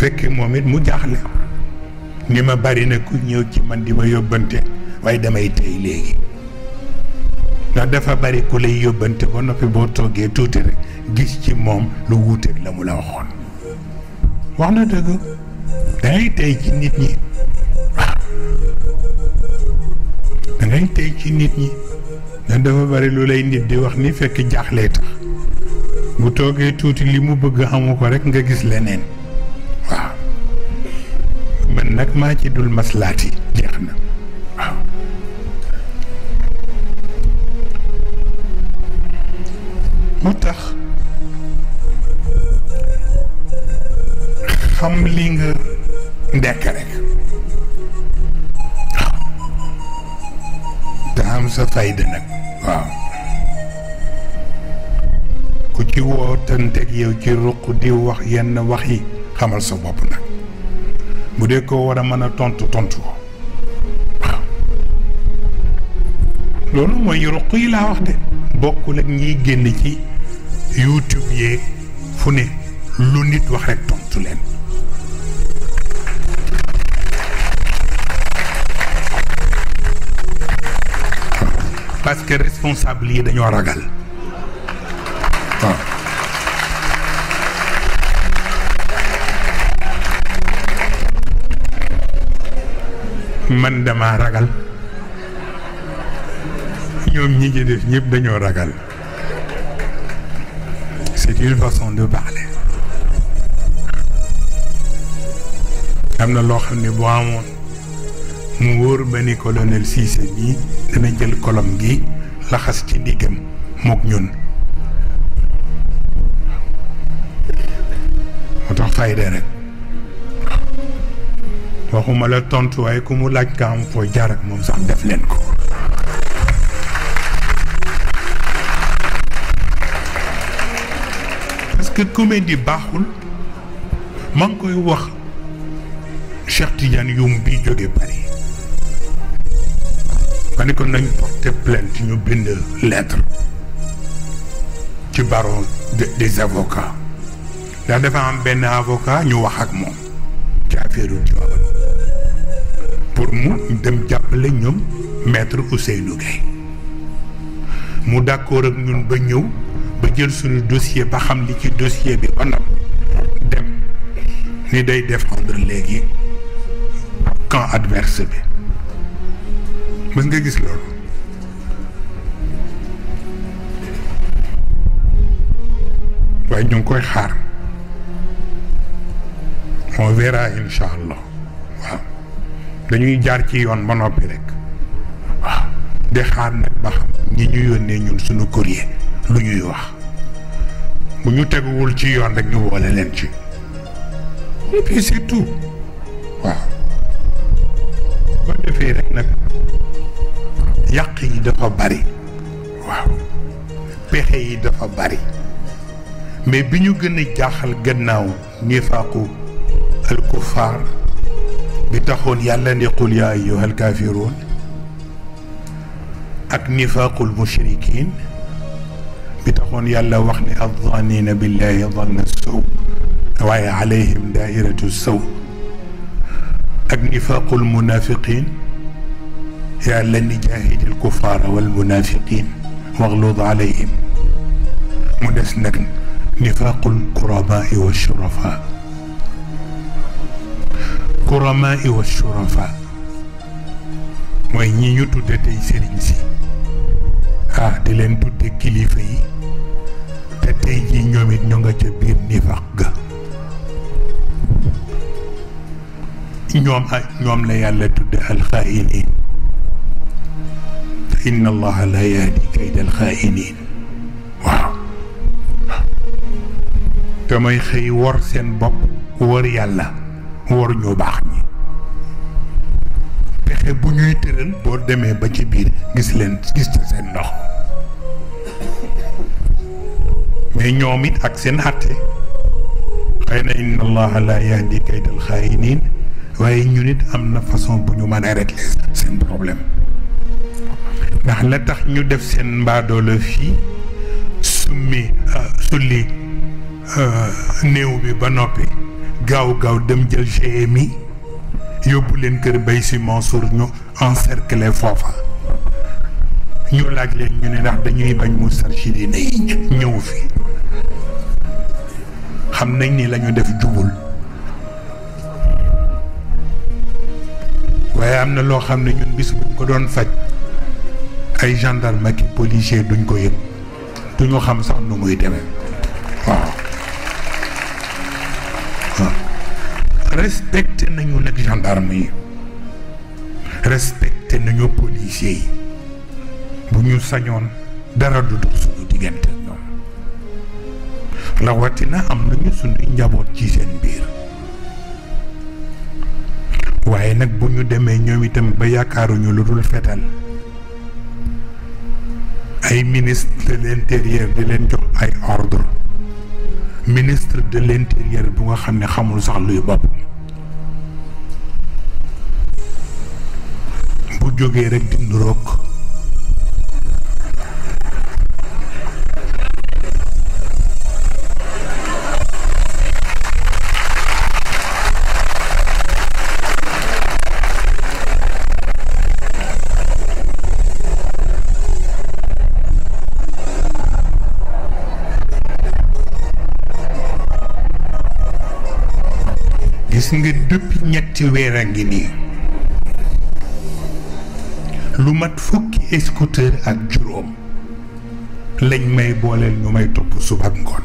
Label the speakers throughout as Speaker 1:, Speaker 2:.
Speaker 1: fekk moom it mu jaaxle ni ma bari na ku ñëw ci man di ma yóbbante waaye damay tey léegi ndax dafa bari ku lay yóbbante ba noppi boo toogee tuuti rek gis ci moom lu wuuteeg la mu la waxoon wax na dëgg dangay tey ci nit ñi waaw dangay tey ci nit ñi ndax dafa bari lu lay nit di wax ni fekk jaaxlee tax bu toogee tuuti li mu bëgg amu ko rek nga gis leneen nag maa ci dul maslaati jeex na waaw moo tax xam li nga ndekk rek te am sa fayda nag waaw ku ci wootanteeg yow ci ruq di wax yenn wax yi xamal sa bopp nag bu dee koo war tontu tontu ko moy loolu mooy wax de bokkul ak ñi génn ci youtube yeeg fune ne lu nit wax rek tontu len parce que responsable yi dañoo ragal man dama ragal ñom ñi ci def ñep dañu ragal c'est une façon de parler amna lo xamni xam ne bu amoon mu wor bani colonel Cissé bi dama jël kolom gi la xass ci digam mok ñun moo tax fayda rek waxuma la tontu waaye ku mu laaj ka am fooy jaar ak moom sax def leen ko parce que comédie baaxul maa koy wax Cheikh Tidiane yum bi jóge Paris ma ne ko nañ porté ñu bind lettre ci baron des avocats ndax dafa am benn avocat ñu wax ak moom ci affaire pour mu dem jàppale ñoom maître Ousseynou Gueye mu d'accord ak ñun ba ñëw ba jël suñu dossier ba xam li ci dossier bi ba noppi dem ni day défendre léegi camp adverse bi mës nga gis loolu waaye ñu ngi koy xaar on verra incha allah. dañuy jaar ci yoon ba noppi rek waaw di xaar nag ba xam ñi ñu yónnee ñun suñu courrier lu ñuy wax bu ñu teguwul ci yoon rek ñu woole leen ci et puis c'est tout waaw ko defee rek nag yàq yi dafa bari waaw pexe yi dafa bari mais bi ñu gën a jaaxal gannaaw nifaaqu al بتخون يلا نقول يا أيها الكافرون أك نفاق المشركين بتخون يلا وخني الظانين بالله ظن السوء وعي عليهم دائرة السوء أك نفاق المنافقين يا لن جاهد الكفار والمنافقين واغلوظ عليهم مدسنك نفاق القرباء والشرفاء الكرماء والشرفاء موي ني نيو تودي تاي سيرين سي اه دي لين تودي كليفه يي تا تاي جي نيوميت نيوغا تي بير نفاق غا نيوم اي نيوم لا يالا تودي الخائنين ان الله لا يهدي كيد الخائنين واو تماي خي وور سين بوب وور يالا وور نيو باخ ñuy tëral boo demee ba ci biir gis leen gis ci seen ndox mais ñoom it ak seen àtte xëy na inna allaha la yahdi kaydal xaayinin waaye ñu nit am na façon bu ñu mën a régler seen problème ndax la tax ñu def seen mbaadoola fii summi euh, sulli euh, néew bi ba noppi gaaw gaaw dem jël GMI yóbbu leen kër Baye Sy Mansour ñu encercler foofa ñu laaj leen ñu ni ndax dañuy bañ mu sarchidine yi ñëw fi xam nañ ni lañu def jubul waaye am na loo xam ne ñun bisu bu ko doon faj ay gendarme ki policier duñ ko yëg duñu xam sax nu muy demee respecté nañu nag gendarme yi respecté nañu policier yi bu ñu sañoon dara du dox suñu diggante ñoom rawatina am nañu suñuy njaboot ci seen biir waaye nag bu ñu demee ñoom itam ba yaakaaruñu lu dul fetal ay ministre de l'intérieur di leen jox ay ordre ministre de l'intérieur bu nga xam ne xamul sax luy bopp jógee rek di nuroog gis nga ñetti weer a lu mat fukki scooter ak juróom lañ may booleel ñu may topp suba ak ngoon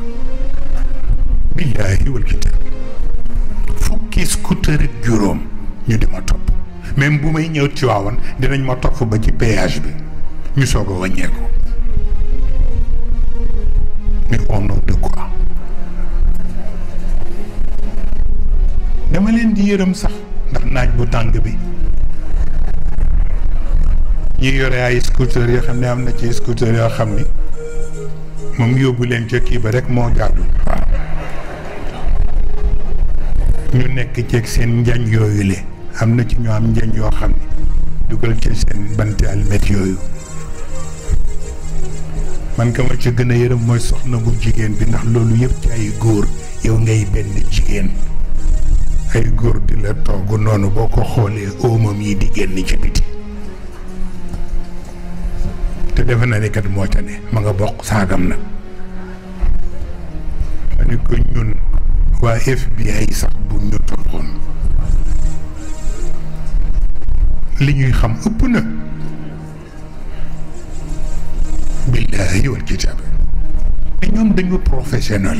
Speaker 1: billaahi wal kitaab fukki scooter ak juróom ñu di ma topp même bu may ñëw Tiwaawan dinañ ma topp ba ci péage bi ñu soog a wàññeeku mais au nom de dama leen di yërëm sax ndax naaj bu tàng bi ñu yore ay scooter yoo xam ne am na ci scooter yoo xam ne moom yóbbu leen ca kii ba rek moo jaadu ñu nekk ceeg seen njañ yooyu le am na ci ñoo am njañ yoo xam ne dugal ci seen bante almet yooyu man ka ma ci gën a yërëm mooy soxna bu jigéen bi ndax loolu yëpp ci ay góor yow ngay benn jigéen ay góor di la togg noonu boo ko xoolee óomam yi di génn ci biti defe naa ni moo ca ne ma nga bokk saagam na ma ne ko ñun waa FBI sax bu ñu tolloon li ñuy xam ëpp na billaahi wal kitaab te ñoom dañu professionnel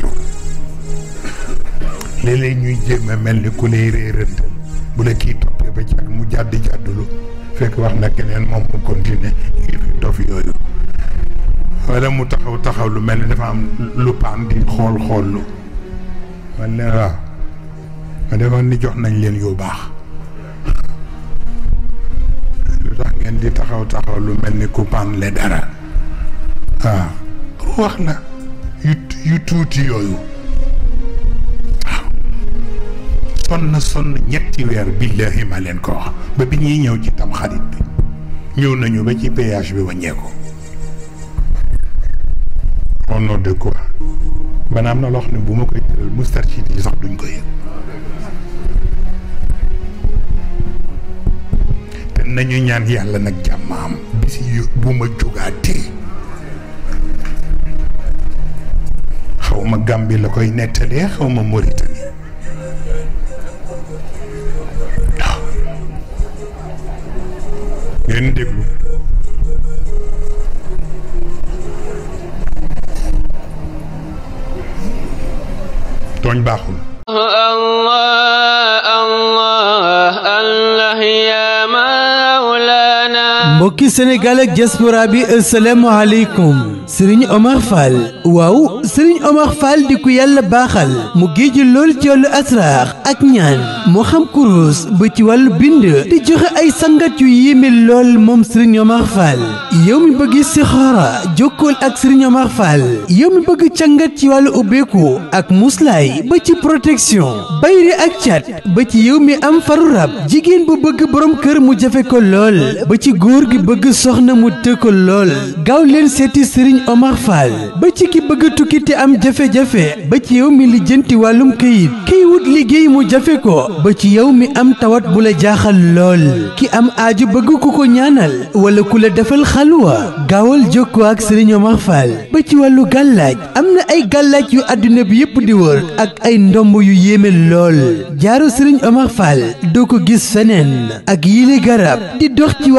Speaker 1: léeg-léeg ñuy jéem mel ni ku lay réerante bu la kii toppee ba jàkk mu jàdd jàddulu fekk wax na keneen moom mu continuer yi fi dof yooyu wala mu taxaw taxaw lu mel ni dafa am lu paan di xool xool lu man leen waaw ma defoon ni jox nañ leen yu baax lu tax ngeen di taxaw taxaw lu mel ni ku paan le dara waaw wax la yu tuuti yooyu sonn sonn ñetti weer billaahi ma leen ko wax ba bi ñuy ñëw ci tam bi ñëw nañu ba ci péage bi wàññeeku. au nom de quoi maanaam na loo xam ne bu ma koy jëlal Moustarchidine yi sax duñ ko yëg te nañu ñaan yàlla nag jàmmaam bisi yu bu ma jugaatee xaw ma la koy nettalee xawma ma ngeen déglu tooñ
Speaker 2: baaxul mbokki Sénégal ak diaspora bi asalaamaaleykum sëriñ Omar Fall waaw sëriñ Omar Fall di ku yàlla baaxal mu géeju lool ci wàllu asraar ak ñaan moo xam kurus ba ci wàllu bind di joxe ay sangat yu yéeme lool moom sëriñ Omar Fall yow mi bëgg sixaara jokkool ak sëriñ Omar Fall yow mi bëgg càngat ci wàllu ubbeeku ak muslaay ba ci protection bayre ak cat ba ci yow mi am faru rab jigéen bu bëgg borom kër mu jafe ko lool ba ci góor gi bëgg soxna mu tëkkal lool gaaw leen seeti sëriñ Omar Fall ba ci ki bëgg tukki te am jafe-jafe ba ci yow mi lijjanti wàllum këyit kiy wut liggéey mu jafe ko ba ci yow mi am tawat bu la jaaxal lool ki am aaju bëgg ku ko ñaanal wala ku la defal xalwa gaawal jokkoo ak sëriñ Omar Fall ba ci wàllu gàllaaj am na ay gàllaaj yu àdduna bi yépp di wër ak ay ndomb yu yéeme lool jaaru sëriñ Omar Fall doo ko gis feneen ak yile garab di dox ci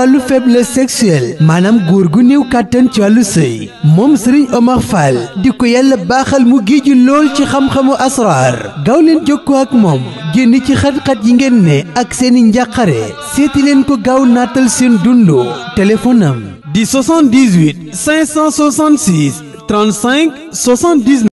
Speaker 2: sexuel maanaam góor gu néew kàttan ci wàllu sëy moom Serigne Omar Fall di ko yàlla baaxal mu géeju lool ci xamxamu xamu asraar gaaw leen jokkoo ak moom génn ci xat yi ngeen ne ak seeni njàqare seeti leen ko gaaw naatal seen dundu téléphone di 78 566 35 79